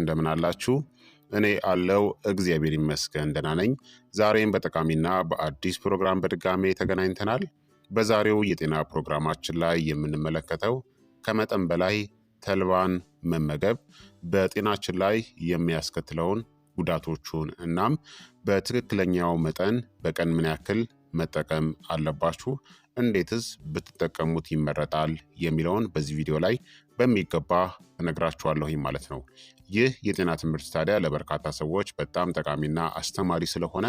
እንደምን አላችሁ? እኔ አለው እግዚአብሔር ይመስገን ደህና ነኝ። ዛሬም በጠቃሚና በአዲስ ፕሮግራም በድጋሜ ተገናኝተናል። በዛሬው የጤና ፕሮግራማችን ላይ የምንመለከተው ከመጠን በላይ ተልባን መመገብ በጤናችን ላይ የሚያስከትለውን ጉዳቶቹን እናም በትክክለኛው መጠን በቀን ምን ያክል መጠቀም አለባችሁ እንዴትስ ብትጠቀሙት ይመረጣል የሚለውን በዚህ ቪዲዮ ላይ በሚገባ እነግራችኋለሁኝ ማለት ነው። ይህ የጤና ትምህርት ታዲያ ለበርካታ ሰዎች በጣም ጠቃሚና አስተማሪ ስለሆነ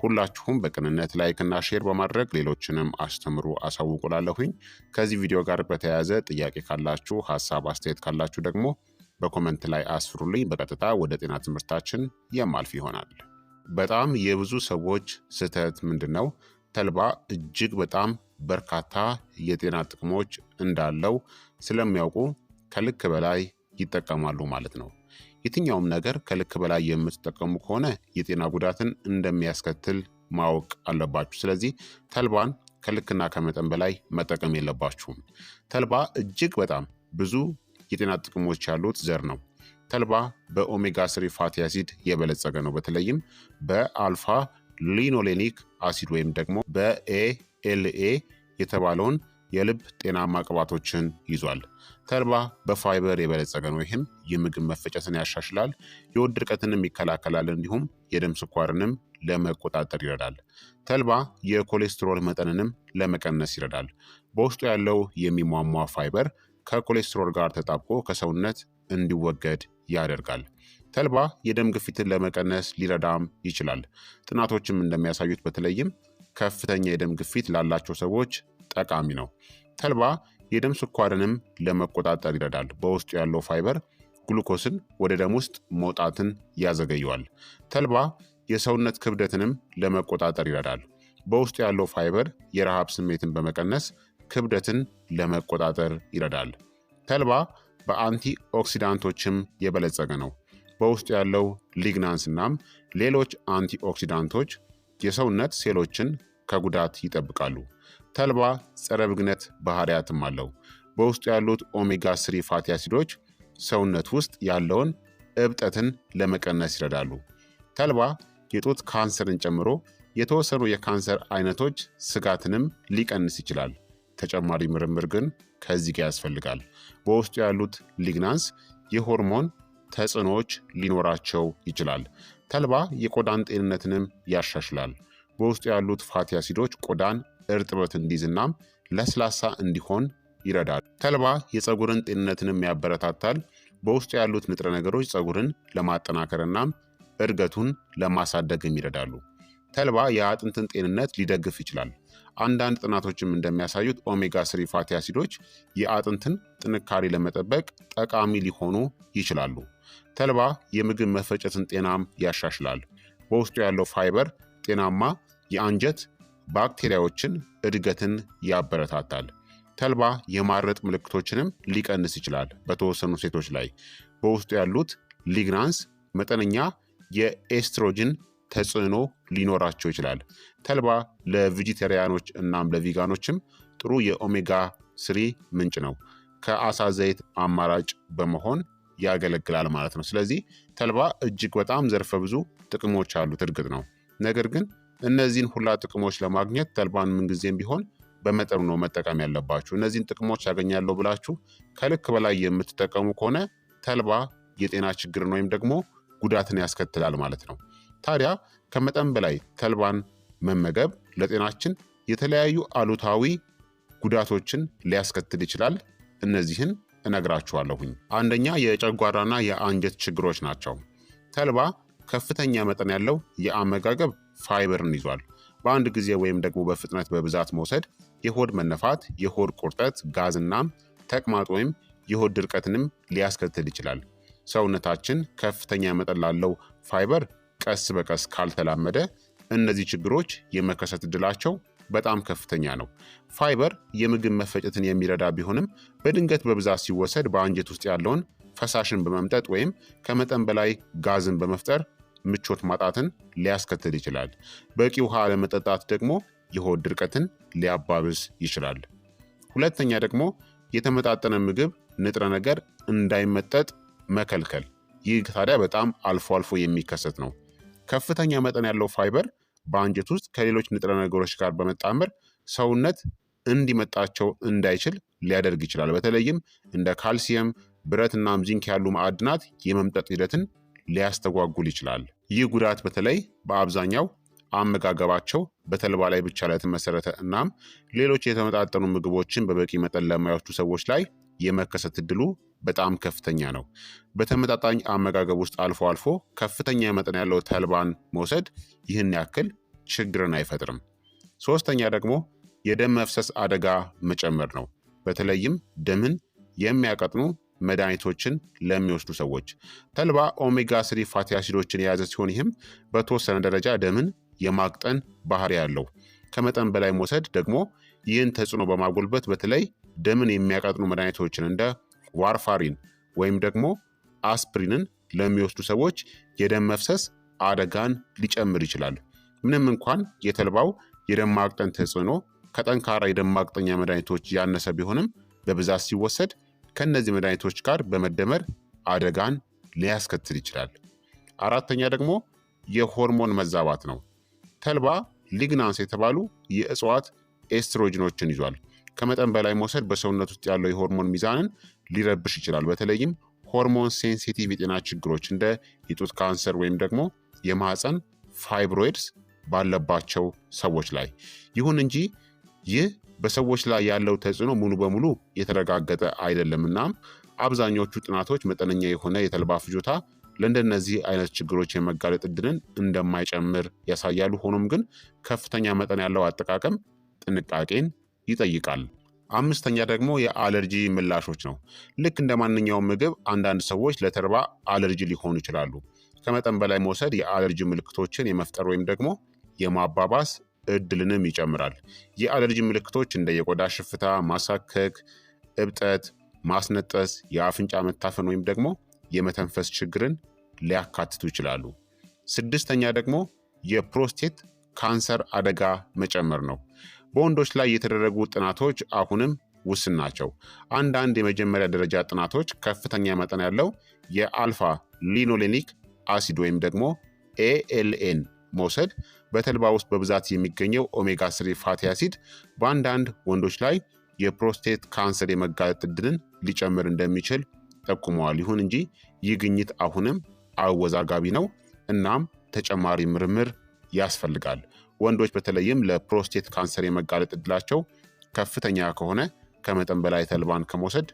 ሁላችሁም በቅንነት ላይክና ሼር በማድረግ ሌሎችንም አስተምሩ አሳውቁላለሁኝ። ከዚህ ቪዲዮ ጋር በተያያዘ ጥያቄ ካላችሁ፣ ሀሳብ አስተያየት ካላችሁ ደግሞ በኮመንት ላይ አስፍሩልኝ። በቀጥታ ወደ ጤና ትምህርታችን የማልፍ ይሆናል። በጣም የብዙ ሰዎች ስህተት ምንድን ነው? ተልባ እጅግ በጣም በርካታ የጤና ጥቅሞች እንዳለው ስለሚያውቁ ከልክ በላይ ይጠቀማሉ ማለት ነው። የትኛውም ነገር ከልክ በላይ የምትጠቀሙ ከሆነ የጤና ጉዳትን እንደሚያስከትል ማወቅ አለባችሁ። ስለዚህ ተልባን ከልክና ከመጠን በላይ መጠቀም የለባችሁም። ተልባ እጅግ በጣም ብዙ የጤና ጥቅሞች ያሉት ዘር ነው። ተልባ በኦሜጋ ስሪ ፋቲ አሲድ የበለጸገ ነው። በተለይም በአልፋ ሊኖሌኒክ አሲድ ወይም ደግሞ በኤኤልኤ የተባለውን የልብ ጤናማ ቅባቶችን ይዟል። ተልባ በፋይበር የበለጸገ ነው። ይህም የምግብ መፈጨትን ያሻሽላል፣ የሆድ ድርቀትንም ይከላከላል፣ እንዲሁም የደም ስኳርንም ለመቆጣጠር ይረዳል። ተልባ የኮሌስትሮል መጠንንም ለመቀነስ ይረዳል። በውስጡ ያለው የሚሟሟ ፋይበር ከኮሌስትሮል ጋር ተጣብቆ ከሰውነት እንዲወገድ ያደርጋል። ተልባ የደም ግፊትን ለመቀነስ ሊረዳም ይችላል። ጥናቶችም እንደሚያሳዩት በተለይም ከፍተኛ የደም ግፊት ላላቸው ሰዎች ጠቃሚ ነው። ተልባ የደም ስኳርንም ለመቆጣጠር ይረዳል። በውስጡ ያለው ፋይበር ግሉኮስን ወደ ደም ውስጥ መውጣትን ያዘገየዋል። ተልባ የሰውነት ክብደትንም ለመቆጣጠር ይረዳል። በውስጡ ያለው ፋይበር የረሃብ ስሜትን በመቀነስ ክብደትን ለመቆጣጠር ይረዳል። ተልባ በአንቲ ኦክሲዳንቶችም የበለጸገ ነው። በውስጡ ያለው ሊግናንስ እናም ሌሎች አንቲ ኦክሲዳንቶች የሰውነት ሴሎችን ከጉዳት ይጠብቃሉ። ተልባ ጸረ ብግነት ባህሪያትም አለው። በውስጡ ያሉት ኦሜጋ ስሪ ፋቲ አሲዶች ሰውነት ውስጥ ያለውን እብጠትን ለመቀነስ ይረዳሉ። ተልባ የጡት ካንሰርን ጨምሮ የተወሰኑ የካንሰር አይነቶች ስጋትንም ሊቀንስ ይችላል። ተጨማሪ ምርምር ግን ከዚህ ጋር ያስፈልጋል። በውስጡ ያሉት ሊግናንስ የሆርሞን ተጽዕኖዎች ሊኖራቸው ይችላል። ተልባ የቆዳን ጤንነትንም ያሻሽላል። በውስጡ ያሉት ፋቲ አሲዶች ቆዳን እርጥበት እንዲይዝናም ለስላሳ እንዲሆን ይረዳል። ተልባ የፀጉርን ጤንነትንም ያበረታታል። በውስጡ ያሉት ንጥረ ነገሮች ፀጉርን ለማጠናከርና እድገቱን ለማሳደግም ይረዳሉ። ተልባ የአጥንትን ጤንነት ሊደግፍ ይችላል። አንዳንድ ጥናቶችም እንደሚያሳዩት ኦሜጋ ስሪ ፋቲ አሲዶች የአጥንትን ጥንካሬ ለመጠበቅ ጠቃሚ ሊሆኑ ይችላሉ። ተልባ የምግብ መፈጨትን ጤናም ያሻሽላል። በውስጡ ያለው ፋይበር ጤናማ የአንጀት ባክቴሪያዎችን እድገትን ያበረታታል። ተልባ የማረጥ ምልክቶችንም ሊቀንስ ይችላል። በተወሰኑ ሴቶች ላይ በውስጡ ያሉት ሊግናንስ መጠነኛ የኤስትሮጅን ተጽዕኖ ሊኖራቸው ይችላል። ተልባ ለቪጂተሪያኖች እናም ለቪጋኖችም ጥሩ የኦሜጋ ስሪ ምንጭ ነው። ከአሳ ዘይት አማራጭ በመሆን ያገለግላል ማለት ነው። ስለዚህ ተልባ እጅግ በጣም ዘርፈ ብዙ ጥቅሞች አሉት እርግጥ ነው ነገር ግን እነዚህን ሁላ ጥቅሞች ለማግኘት ተልባን ምንጊዜም ቢሆን በመጠኑ ነው መጠቀም ያለባችሁ። እነዚህን ጥቅሞች ያገኛለሁ ብላችሁ ከልክ በላይ የምትጠቀሙ ከሆነ ተልባ የጤና ችግርን ወይም ደግሞ ጉዳትን ያስከትላል ማለት ነው። ታዲያ ከመጠን በላይ ተልባን መመገብ ለጤናችን የተለያዩ አሉታዊ ጉዳቶችን ሊያስከትል ይችላል። እነዚህን እነግራችኋለሁኝ። አንደኛ የጨጓራና የአንጀት ችግሮች ናቸው። ተልባ ከፍተኛ መጠን ያለው የአመጋገብ ፋይበርን ይዟል። በአንድ ጊዜ ወይም ደግሞ በፍጥነት በብዛት መውሰድ የሆድ መነፋት፣ የሆድ ቁርጠት፣ ጋዝናም ተቅማጥ ወይም የሆድ ድርቀትንም ሊያስከትል ይችላል። ሰውነታችን ከፍተኛ መጠን ላለው ፋይበር ቀስ በቀስ ካልተላመደ እነዚህ ችግሮች የመከሰት እድላቸው በጣም ከፍተኛ ነው። ፋይበር የምግብ መፈጨትን የሚረዳ ቢሆንም በድንገት በብዛት ሲወሰድ በአንጀት ውስጥ ያለውን ፈሳሽን በመምጠጥ ወይም ከመጠን በላይ ጋዝን በመፍጠር ምቾት ማጣትን ሊያስከትል ይችላል። በቂ ውሃ አለመጠጣት ደግሞ የሆድ ድርቀትን ሊያባብስ ይችላል። ሁለተኛ ደግሞ የተመጣጠነ ምግብ ንጥረ ነገር እንዳይመጠጥ መከልከል። ይህ ታዲያ በጣም አልፎ አልፎ የሚከሰት ነው። ከፍተኛ መጠን ያለው ፋይበር በአንጀት ውስጥ ከሌሎች ንጥረ ነገሮች ጋር በመጣመር ሰውነት እንዲመጣቸው እንዳይችል ሊያደርግ ይችላል። በተለይም እንደ ካልሲየም፣ ብረትና ዚንክ ያሉ ማዕድናት የመምጠጥ ሂደትን ሊያስተጓጉል ይችላል። ይህ ጉዳት በተለይ በአብዛኛው አመጋገባቸው በተልባ ላይ ብቻ ላይ የተመሰረተ እናም ሌሎች የተመጣጠኑ ምግቦችን በበቂ መጠን ለማይወስዱ ሰዎች ላይ የመከሰት እድሉ በጣም ከፍተኛ ነው። በተመጣጣኝ አመጋገብ ውስጥ አልፎ አልፎ ከፍተኛ መጠን ያለው ተልባን መውሰድ ይህን ያክል ችግርን አይፈጥርም። ሶስተኛ ደግሞ የደም መፍሰስ አደጋ መጨመር ነው። በተለይም ደምን የሚያቀጥኑ መድኃኒቶችን ለሚወስዱ ሰዎች። ተልባ ኦሜጋ ስሪ ፋቲ አሲዶችን የያዘ ሲሆን ይህም በተወሰነ ደረጃ ደምን የማቅጠን ባህሪ ያለው። ከመጠን በላይ መውሰድ ደግሞ ይህን ተጽዕኖ በማጎልበት በተለይ ደምን የሚያቀጥኑ መድኃኒቶችን እንደ ዋርፋሪን ወይም ደግሞ አስፕሪንን ለሚወስዱ ሰዎች የደም መፍሰስ አደጋን ሊጨምር ይችላል። ምንም እንኳን የተልባው የደም ማቅጠን ተጽዕኖ ከጠንካራ የደም ማቅጠኛ መድኃኒቶች ያነሰ ቢሆንም በብዛት ሲወሰድ ከእነዚህ መድኃኒቶች ጋር በመደመር አደጋን ሊያስከትል ይችላል። አራተኛ ደግሞ የሆርሞን መዛባት ነው። ተልባ ሊግናንስ የተባሉ የእጽዋት ኤስትሮጅኖችን ይዟል። ከመጠን በላይ መውሰድ በሰውነት ውስጥ ያለው የሆርሞን ሚዛንን ሊረብሽ ይችላል። በተለይም ሆርሞን ሴንሲቲቭ የጤና ችግሮች እንደ የጡት ካንሰር ወይም ደግሞ የማህፀን ፋይብሮይድስ ባለባቸው ሰዎች ላይ። ይሁን እንጂ ይህ በሰዎች ላይ ያለው ተጽዕኖ ሙሉ በሙሉ የተረጋገጠ አይደለም። እናም አብዛኞቹ ጥናቶች መጠነኛ የሆነ የተልባ ፍጆታ ለእንደነዚህ አይነት ችግሮች የመጋለጥ እድልን እንደማይጨምር ያሳያሉ። ሆኖም ግን ከፍተኛ መጠን ያለው አጠቃቀም ጥንቃቄን ይጠይቃል። አምስተኛ ደግሞ የአለርጂ ምላሾች ነው። ልክ እንደ ማንኛውም ምግብ አንዳንድ ሰዎች ለተልባ አለርጂ ሊሆኑ ይችላሉ። ከመጠን በላይ መውሰድ የአለርጂ ምልክቶችን የመፍጠር ወይም ደግሞ የማባባስ እድልንም ይጨምራል። የአለርጂ ምልክቶች እንደ የቆዳ ሽፍታ፣ ማሳከክ፣ እብጠት፣ ማስነጠስ፣ የአፍንጫ መታፈን ወይም ደግሞ የመተንፈስ ችግርን ሊያካትቱ ይችላሉ። ስድስተኛ ደግሞ የፕሮስቴት ካንሰር አደጋ መጨመር ነው። በወንዶች ላይ የተደረጉ ጥናቶች አሁንም ውስን ናቸው። አንዳንድ የመጀመሪያ ደረጃ ጥናቶች ከፍተኛ መጠን ያለው የአልፋ ሊኖሌኒክ አሲድ ወይም ደግሞ ኤኤልኤን መውሰድ በተልባ ውስጥ በብዛት የሚገኘው ኦሜጋ ስሪ ፋቲ አሲድ በአንዳንድ ወንዶች ላይ የፕሮስቴት ካንሰር የመጋለጥ እድልን ሊጨምር እንደሚችል ጠቁመዋል። ይሁን እንጂ ይህ ግኝት አሁንም አወዛጋቢ ነው፣ እናም ተጨማሪ ምርምር ያስፈልጋል። ወንዶች በተለይም ለፕሮስቴት ካንሰር የመጋለጥ እድላቸው ከፍተኛ ከሆነ ከመጠን በላይ ተልባን ከመውሰድ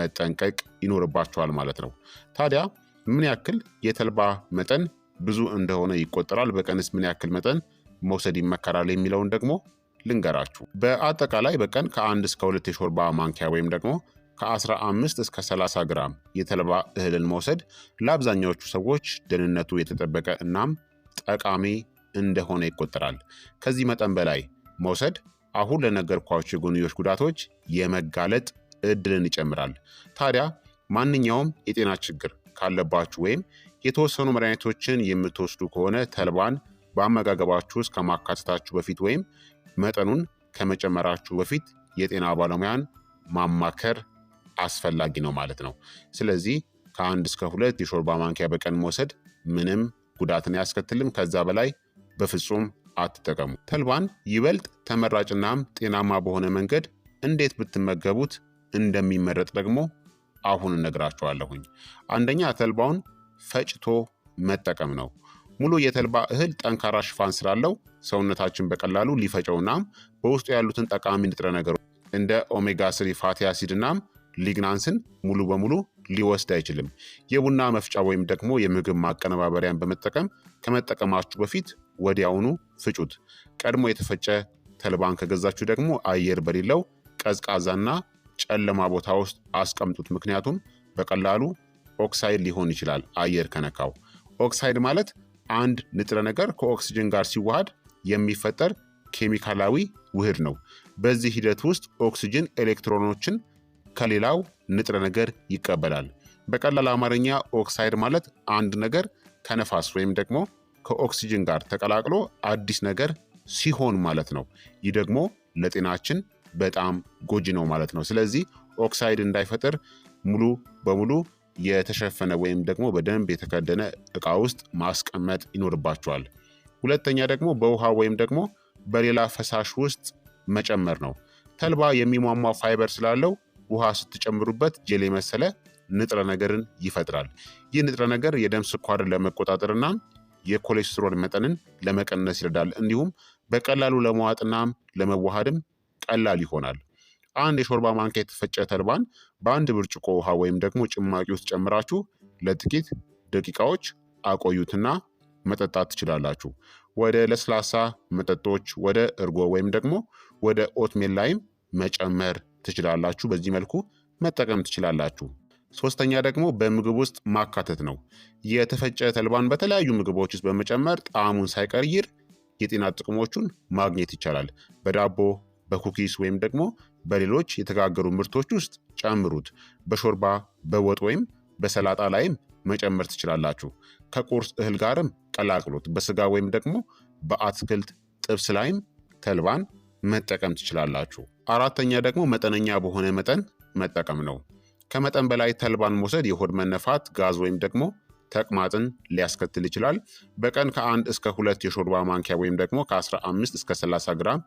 መጠንቀቅ ይኖርባቸዋል ማለት ነው። ታዲያ ምን ያክል የተልባ መጠን ብዙ እንደሆነ ይቆጠራል። በቀንስ ምን ያክል መጠን መውሰድ ይመከራል የሚለውን ደግሞ ልንገራችሁ። በአጠቃላይ በቀን ከአንድ እስከ ሁለት የሾርባ ማንኪያ ወይም ደግሞ ከ15 እስከ 30 ግራም የተልባ እህልን መውሰድ ለአብዛኛዎቹ ሰዎች ደህንነቱ የተጠበቀ እናም ጠቃሚ እንደሆነ ይቆጠራል። ከዚህ መጠን በላይ መውሰድ አሁን ለነገርኳችሁ የጎንዮሽ ጉዳቶች የመጋለጥ እድልን ይጨምራል። ታዲያ ማንኛውም የጤና ችግር ካለባችሁ ወይም የተወሰኑ መድኃኒቶችን የምትወስዱ ከሆነ ተልባን በአመጋገባችሁ ውስጥ ከማካተታችሁ በፊት ወይም መጠኑን ከመጨመራችሁ በፊት የጤና ባለሙያን ማማከር አስፈላጊ ነው ማለት ነው። ስለዚህ ከአንድ እስከ ሁለት የሾርባ ማንኪያ በቀን መውሰድ ምንም ጉዳትን አያስከትልም። ከዛ በላይ በፍጹም አትጠቀሙ። ተልባን ይበልጥ ተመራጭናም ጤናማ በሆነ መንገድ እንዴት ብትመገቡት እንደሚመረጥ ደግሞ አሁን እነግራችኋለሁኝ። አንደኛ ተልባውን ፈጭቶ መጠቀም ነው። ሙሉ የተልባ እህል ጠንካራ ሽፋን ስላለው ሰውነታችን በቀላሉ ሊፈጨው እናም በውስጡ ያሉትን ጠቃሚ ንጥረ ነገሮች እንደ ኦሜጋ ስሪ ፋቲ አሲድ ሊግናንስን ሙሉ በሙሉ ሊወስድ አይችልም። የቡና መፍጫ ወይም ደግሞ የምግብ ማቀነባበሪያን በመጠቀም ከመጠቀማችሁ በፊት ወዲያውኑ ፍጩት። ቀድሞ የተፈጨ ተልባን ከገዛችሁ ደግሞ አየር በሌለው ቀዝቃዛና ጨለማ ቦታ ውስጥ አስቀምጡት፣ ምክንያቱም በቀላሉ ኦክሳይድ ሊሆን ይችላል አየር ከነካው። ኦክሳይድ ማለት አንድ ንጥረ ነገር ከኦክስጅን ጋር ሲዋሃድ የሚፈጠር ኬሚካላዊ ውህድ ነው። በዚህ ሂደት ውስጥ ኦክስጅን ኤሌክትሮኖችን ከሌላው ንጥረ ነገር ይቀበላል። በቀላል አማርኛ ኦክሳይድ ማለት አንድ ነገር ከነፋስ ወይም ደግሞ ከኦክስጅን ጋር ተቀላቅሎ አዲስ ነገር ሲሆን ማለት ነው። ይህ ደግሞ ለጤናችን በጣም ጎጂ ነው ማለት ነው። ስለዚህ ኦክሳይድ እንዳይፈጠር ሙሉ በሙሉ የተሸፈነ ወይም ደግሞ በደንብ የተከደነ እቃ ውስጥ ማስቀመጥ ይኖርባቸዋል። ሁለተኛ ደግሞ በውሃ ወይም ደግሞ በሌላ ፈሳሽ ውስጥ መጨመር ነው። ተልባ የሚሟሟ ፋይበር ስላለው ውሃ ስትጨምሩበት ጀል የመሰለ ንጥረ ነገርን ይፈጥራል። ይህ ንጥረ ነገር የደም ስኳርን ለመቆጣጠርና የኮሌስትሮል መጠንን ለመቀነስ ይረዳል። እንዲሁም በቀላሉ ለመዋጥናም ለመዋሃድም ቀላል ይሆናል። አንድ የሾርባ ማንኪያ የተፈጨ ተልባን በአንድ ብርጭቆ ውሃ ወይም ደግሞ ጭማቂ ውስጥ ጨምራችሁ ለጥቂት ደቂቃዎች አቆዩትና መጠጣት ትችላላችሁ። ወደ ለስላሳ መጠጦች፣ ወደ እርጎ ወይም ደግሞ ወደ ኦትሜል ላይም መጨመር ትችላላችሁ። በዚህ መልኩ መጠቀም ትችላላችሁ። ሶስተኛ ደግሞ በምግብ ውስጥ ማካተት ነው። የተፈጨ ተልባን በተለያዩ ምግቦች ውስጥ በመጨመር ጣዕሙን ሳይቀይር የጤና ጥቅሞቹን ማግኘት ይቻላል። በዳቦ በኩኪስ ወይም ደግሞ በሌሎች የተጋገሩ ምርቶች ውስጥ ጨምሩት። በሾርባ በወጥ ወይም በሰላጣ ላይም መጨመር ትችላላችሁ። ከቁርስ እህል ጋርም ቀላቅሉት። በስጋ ወይም ደግሞ በአትክልት ጥብስ ላይም ተልባን መጠቀም ትችላላችሁ። አራተኛ ደግሞ መጠነኛ በሆነ መጠን መጠቀም ነው። ከመጠን በላይ ተልባን መውሰድ የሆድ መነፋት፣ ጋዝ ወይም ደግሞ ተቅማጥን ሊያስከትል ይችላል። በቀን ከአንድ እስከ ሁለት የሾርባ ማንኪያ ወይም ደግሞ ከ15 እስከ 30 ግራም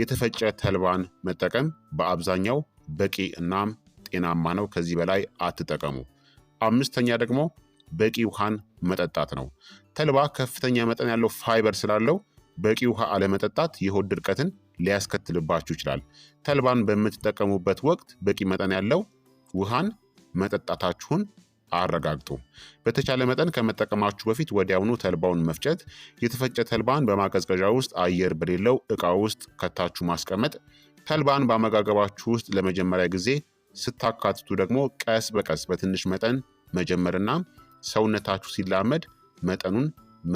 የተፈጨ ተልባን መጠቀም በአብዛኛው በቂ እናም ጤናማ ነው። ከዚህ በላይ አትጠቀሙ። አምስተኛ ደግሞ በቂ ውሃን መጠጣት ነው። ተልባ ከፍተኛ መጠን ያለው ፋይበር ስላለው በቂ ውሃ አለመጠጣት የሆድ ድርቀትን ሊያስከትልባችሁ ይችላል። ተልባን በምትጠቀሙበት ወቅት በቂ መጠን ያለው ውሃን መጠጣታችሁን አረጋግጡ። በተቻለ መጠን ከመጠቀማችሁ በፊት ወዲያውኑ ተልባውን መፍጨት፣ የተፈጨ ተልባን በማቀዝቀዣ ውስጥ አየር በሌለው ዕቃ ውስጥ ከታችሁ ማስቀመጥ። ተልባን በአመጋገባችሁ ውስጥ ለመጀመሪያ ጊዜ ስታካትቱ ደግሞ ቀስ በቀስ በትንሽ መጠን መጀመርና ሰውነታችሁ ሲላመድ መጠኑን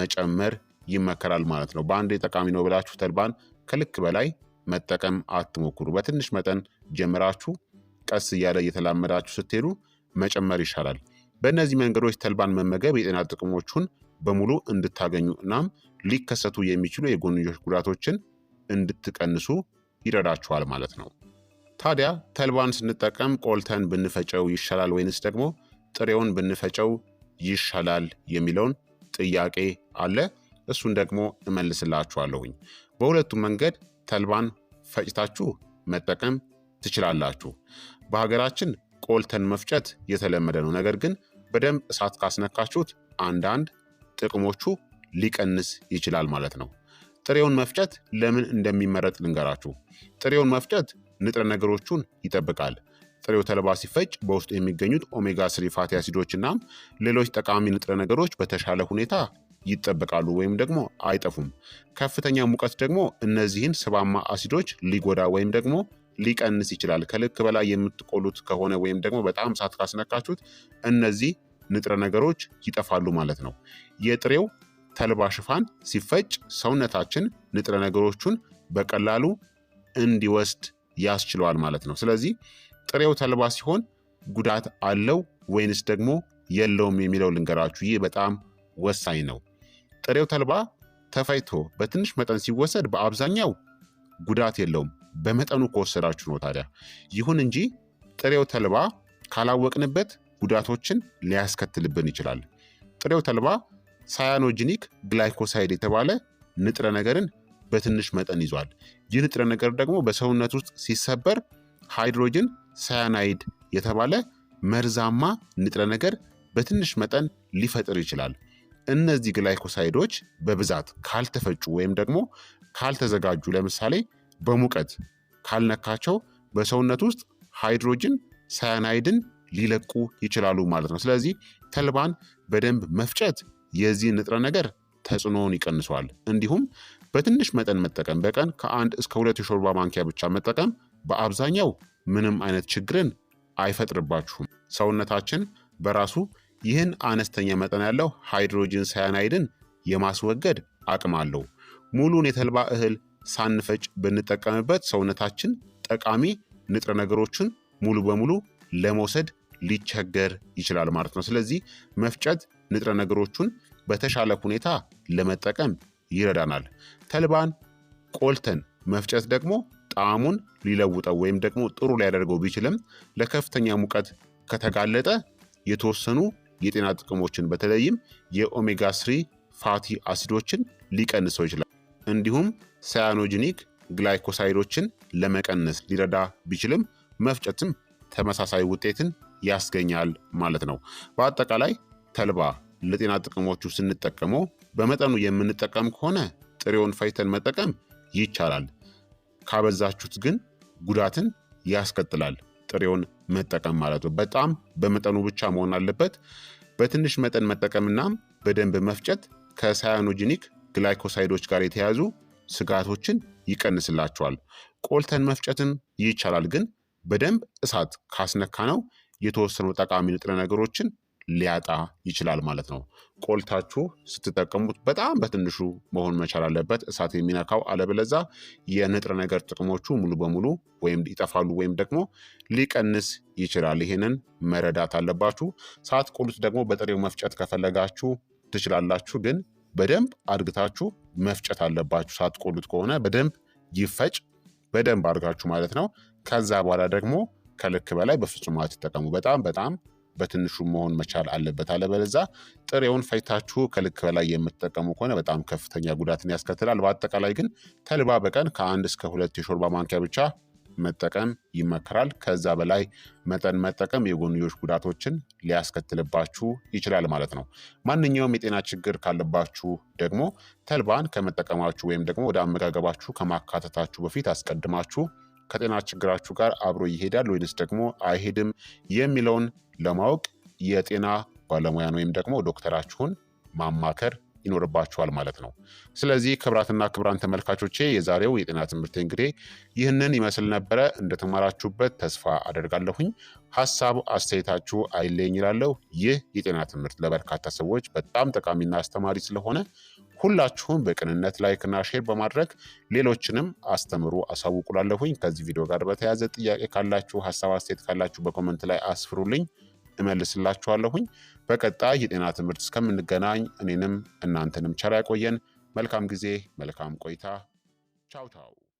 መጨመር ይመከራል ማለት ነው። በአንዴ ጠቃሚ ነው ብላችሁ ተልባን ከልክ በላይ መጠቀም አትሞክሩ። በትንሽ መጠን ጀምራችሁ ቀስ እያለ እየተላመዳችሁ ስትሄዱ መጨመር ይሻላል። በእነዚህ መንገዶች ተልባን መመገብ የጤና ጥቅሞቹን በሙሉ እንድታገኙ እናም ሊከሰቱ የሚችሉ የጎንዮሽ ጉዳቶችን እንድትቀንሱ ይረዳችኋል ማለት ነው። ታዲያ ተልባን ስንጠቀም ቆልተን ብንፈጨው ይሻላል ወይንስ ደግሞ ጥሬውን ብንፈጨው ይሻላል የሚለውን ጥያቄ አለ። እሱን ደግሞ እመልስላችኋለሁኝ። በሁለቱም መንገድ ተልባን ፈጭታችሁ መጠቀም ትችላላችሁ። በሀገራችን ቆልተን መፍጨት የተለመደ ነው። ነገር ግን በደንብ እሳት ካስነካችሁት አንዳንድ ጥቅሞቹ ሊቀንስ ይችላል ማለት ነው። ጥሬውን መፍጨት ለምን እንደሚመረጥ ልንገራችሁ። ጥሬውን መፍጨት ንጥረ ነገሮቹን ይጠብቃል። ጥሬው ተልባ ሲፈጭ በውስጡ የሚገኙት ኦሜጋ ስሪ ፋቲ አሲዶች እናም ሌሎች ጠቃሚ ንጥረ ነገሮች በተሻለ ሁኔታ ይጠበቃሉ ወይም ደግሞ አይጠፉም። ከፍተኛ ሙቀት ደግሞ እነዚህን ስባማ አሲዶች ሊጎዳ ወይም ደግሞ ሊቀንስ ይችላል። ከልክ በላይ የምትቆሉት ከሆነ ወይም ደግሞ በጣም እሳት ካስነካችሁት እነዚህ ንጥረ ነገሮች ይጠፋሉ ማለት ነው። የጥሬው ተልባ ሽፋን ሲፈጭ ሰውነታችን ንጥረ ነገሮቹን በቀላሉ እንዲወስድ ያስችለዋል ማለት ነው። ስለዚህ ጥሬው ተልባ ሲሆን ጉዳት አለው ወይንስ ደግሞ የለውም የሚለው ልንገራችሁ። ይህ በጣም ወሳኝ ነው። ጥሬው ተልባ ተፈይቶ በትንሽ መጠን ሲወሰድ በአብዛኛው ጉዳት የለውም። በመጠኑ ከወሰዳችሁ ነው ታዲያ። ይሁን እንጂ ጥሬው ተልባ ካላወቅንበት ጉዳቶችን ሊያስከትልብን ይችላል። ጥሬው ተልባ ሳያኖጂኒክ ግላይኮሳይድ የተባለ ንጥረ ነገርን በትንሽ መጠን ይዟል። ይህ ንጥረ ነገር ደግሞ በሰውነት ውስጥ ሲሰበር ሃይድሮጅን ሳያናይድ የተባለ መርዛማ ንጥረ ነገር በትንሽ መጠን ሊፈጥር ይችላል። እነዚህ ግላይኮሳይዶች በብዛት ካልተፈጩ ወይም ደግሞ ካልተዘጋጁ ለምሳሌ በሙቀት ካልነካቸው በሰውነት ውስጥ ሃይድሮጅን ሳያናይድን ሊለቁ ይችላሉ ማለት ነው። ስለዚህ ተልባን በደንብ መፍጨት የዚህ ንጥረ ነገር ተጽዕኖውን ይቀንሷል። እንዲሁም በትንሽ መጠን መጠቀም በቀን ከአንድ እስከ ሁለት የሾርባ ማንኪያ ብቻ መጠቀም በአብዛኛው ምንም አይነት ችግርን አይፈጥርባችሁም። ሰውነታችን በራሱ ይህን አነስተኛ መጠን ያለው ሃይድሮጂን ሳያናይድን የማስወገድ አቅም አለው። ሙሉን የተልባ እህል ሳንፈጭ ብንጠቀምበት ሰውነታችን ጠቃሚ ንጥረ ነገሮችን ሙሉ በሙሉ ለመውሰድ ሊቸገር ይችላል ማለት ነው። ስለዚህ መፍጨት ንጥረ ነገሮቹን በተሻለ ሁኔታ ለመጠቀም ይረዳናል። ተልባን ቆልተን መፍጨት ደግሞ ጣዕሙን ሊለውጠው ወይም ደግሞ ጥሩ ሊያደርገው ቢችልም ለከፍተኛ ሙቀት ከተጋለጠ የተወሰኑ የጤና ጥቅሞችን በተለይም የኦሜጋ ስሪ ፋቲ አሲዶችን ሊቀንሰው ይችላል። እንዲሁም ሳያኖጂኒክ ግላይኮሳይዶችን ለመቀነስ ሊረዳ ቢችልም መፍጨትም ተመሳሳይ ውጤትን ያስገኛል ማለት ነው። በአጠቃላይ ተልባ ለጤና ጥቅሞቹ ስንጠቀመው በመጠኑ የምንጠቀም ከሆነ ጥሬውን ፈጭተን መጠቀም ይቻላል። ካበዛችሁት ግን ጉዳትን ያስቀጥላል ጥሬውን መጠቀም ማለት ነው። በጣም በመጠኑ ብቻ መሆን አለበት። በትንሽ መጠን መጠቀምና በደንብ መፍጨት ከሳያኖጂኒክ ግላይኮሳይዶች ጋር የተያዙ ስጋቶችን ይቀንስላቸዋል። ቆልተን መፍጨትም ይቻላል፣ ግን በደንብ እሳት ካስነካ ነው የተወሰኑ ጠቃሚ ንጥረ ነገሮችን ሊያጣ ይችላል ማለት ነው። ቆልታችሁ ስትጠቀሙት በጣም በትንሹ መሆን መቻል አለበት፣ እሳት የሚነካው አለበለዛ የንጥረ ነገር ጥቅሞቹ ሙሉ በሙሉ ወይም ይጠፋሉ ወይም ደግሞ ሊቀንስ ይችላል። ይህንን መረዳት አለባችሁ። ሳትቆሉት ደግሞ በጥሬው መፍጨት ከፈለጋችሁ ትችላላችሁ ግን በደንብ አድግታችሁ መፍጨት አለባችሁ። ሳትቆሉት ከሆነ በደንብ ይፈጭ በደንብ አድርጋችሁ ማለት ነው። ከዛ በኋላ ደግሞ ከልክ በላይ በፍጹም አትጠቀሙ። በጣም በጣም በትንሹ መሆን መቻል አለበት። አለበለዛ ጥሬውን ፈጭታችሁ ከልክ በላይ የምትጠቀሙ ከሆነ በጣም ከፍተኛ ጉዳትን ያስከትላል። በአጠቃላይ ግን ተልባ በቀን ከአንድ እስከ ሁለት የሾርባ ማንኪያ ብቻ መጠቀም ይመከራል። ከዛ በላይ መጠን መጠቀም የጎንዮሽ ጉዳቶችን ሊያስከትልባችሁ ይችላል ማለት ነው። ማንኛውም የጤና ችግር ካለባችሁ ደግሞ ተልባን ከመጠቀማችሁ ወይም ደግሞ ወደ አመጋገባችሁ ከማካተታችሁ በፊት አስቀድማችሁ ከጤና ችግራችሁ ጋር አብሮ ይሄዳል ወይንስ ደግሞ አይሄድም የሚለውን ለማወቅ የጤና ባለሙያን ወይም ደግሞ ዶክተራችሁን ማማከር ይኖርባችኋል ማለት ነው። ስለዚህ ክብራትና ክብራን ተመልካቾቼ የዛሬው የጤና ትምህርት እንግዲህ ይህንን ይመስል ነበረ። እንደተማራችሁበት ተስፋ አደርጋለሁኝ። ሀሳብ አስተያየታችሁ አይለኝ ይላለሁ። ይህ የጤና ትምህርት ለበርካታ ሰዎች በጣም ጠቃሚና አስተማሪ ስለሆነ ሁላችሁም በቅንነት ላይክና ሼር በማድረግ ሌሎችንም አስተምሩ አሳውቁላለሁኝ። ከዚህ ቪዲዮ ጋር በተያያዘ ጥያቄ ካላችሁ፣ ሀሳብ አስተያየት ካላችሁ በኮመንት ላይ አስፍሩልኝ። እመልስላችኋለሁኝ። በቀጣይ የጤና ትምህርት እስከምንገናኝ እኔንም እናንተንም ቸር ያቆየን። መልካም ጊዜ፣ መልካም ቆይታ። ቻውታው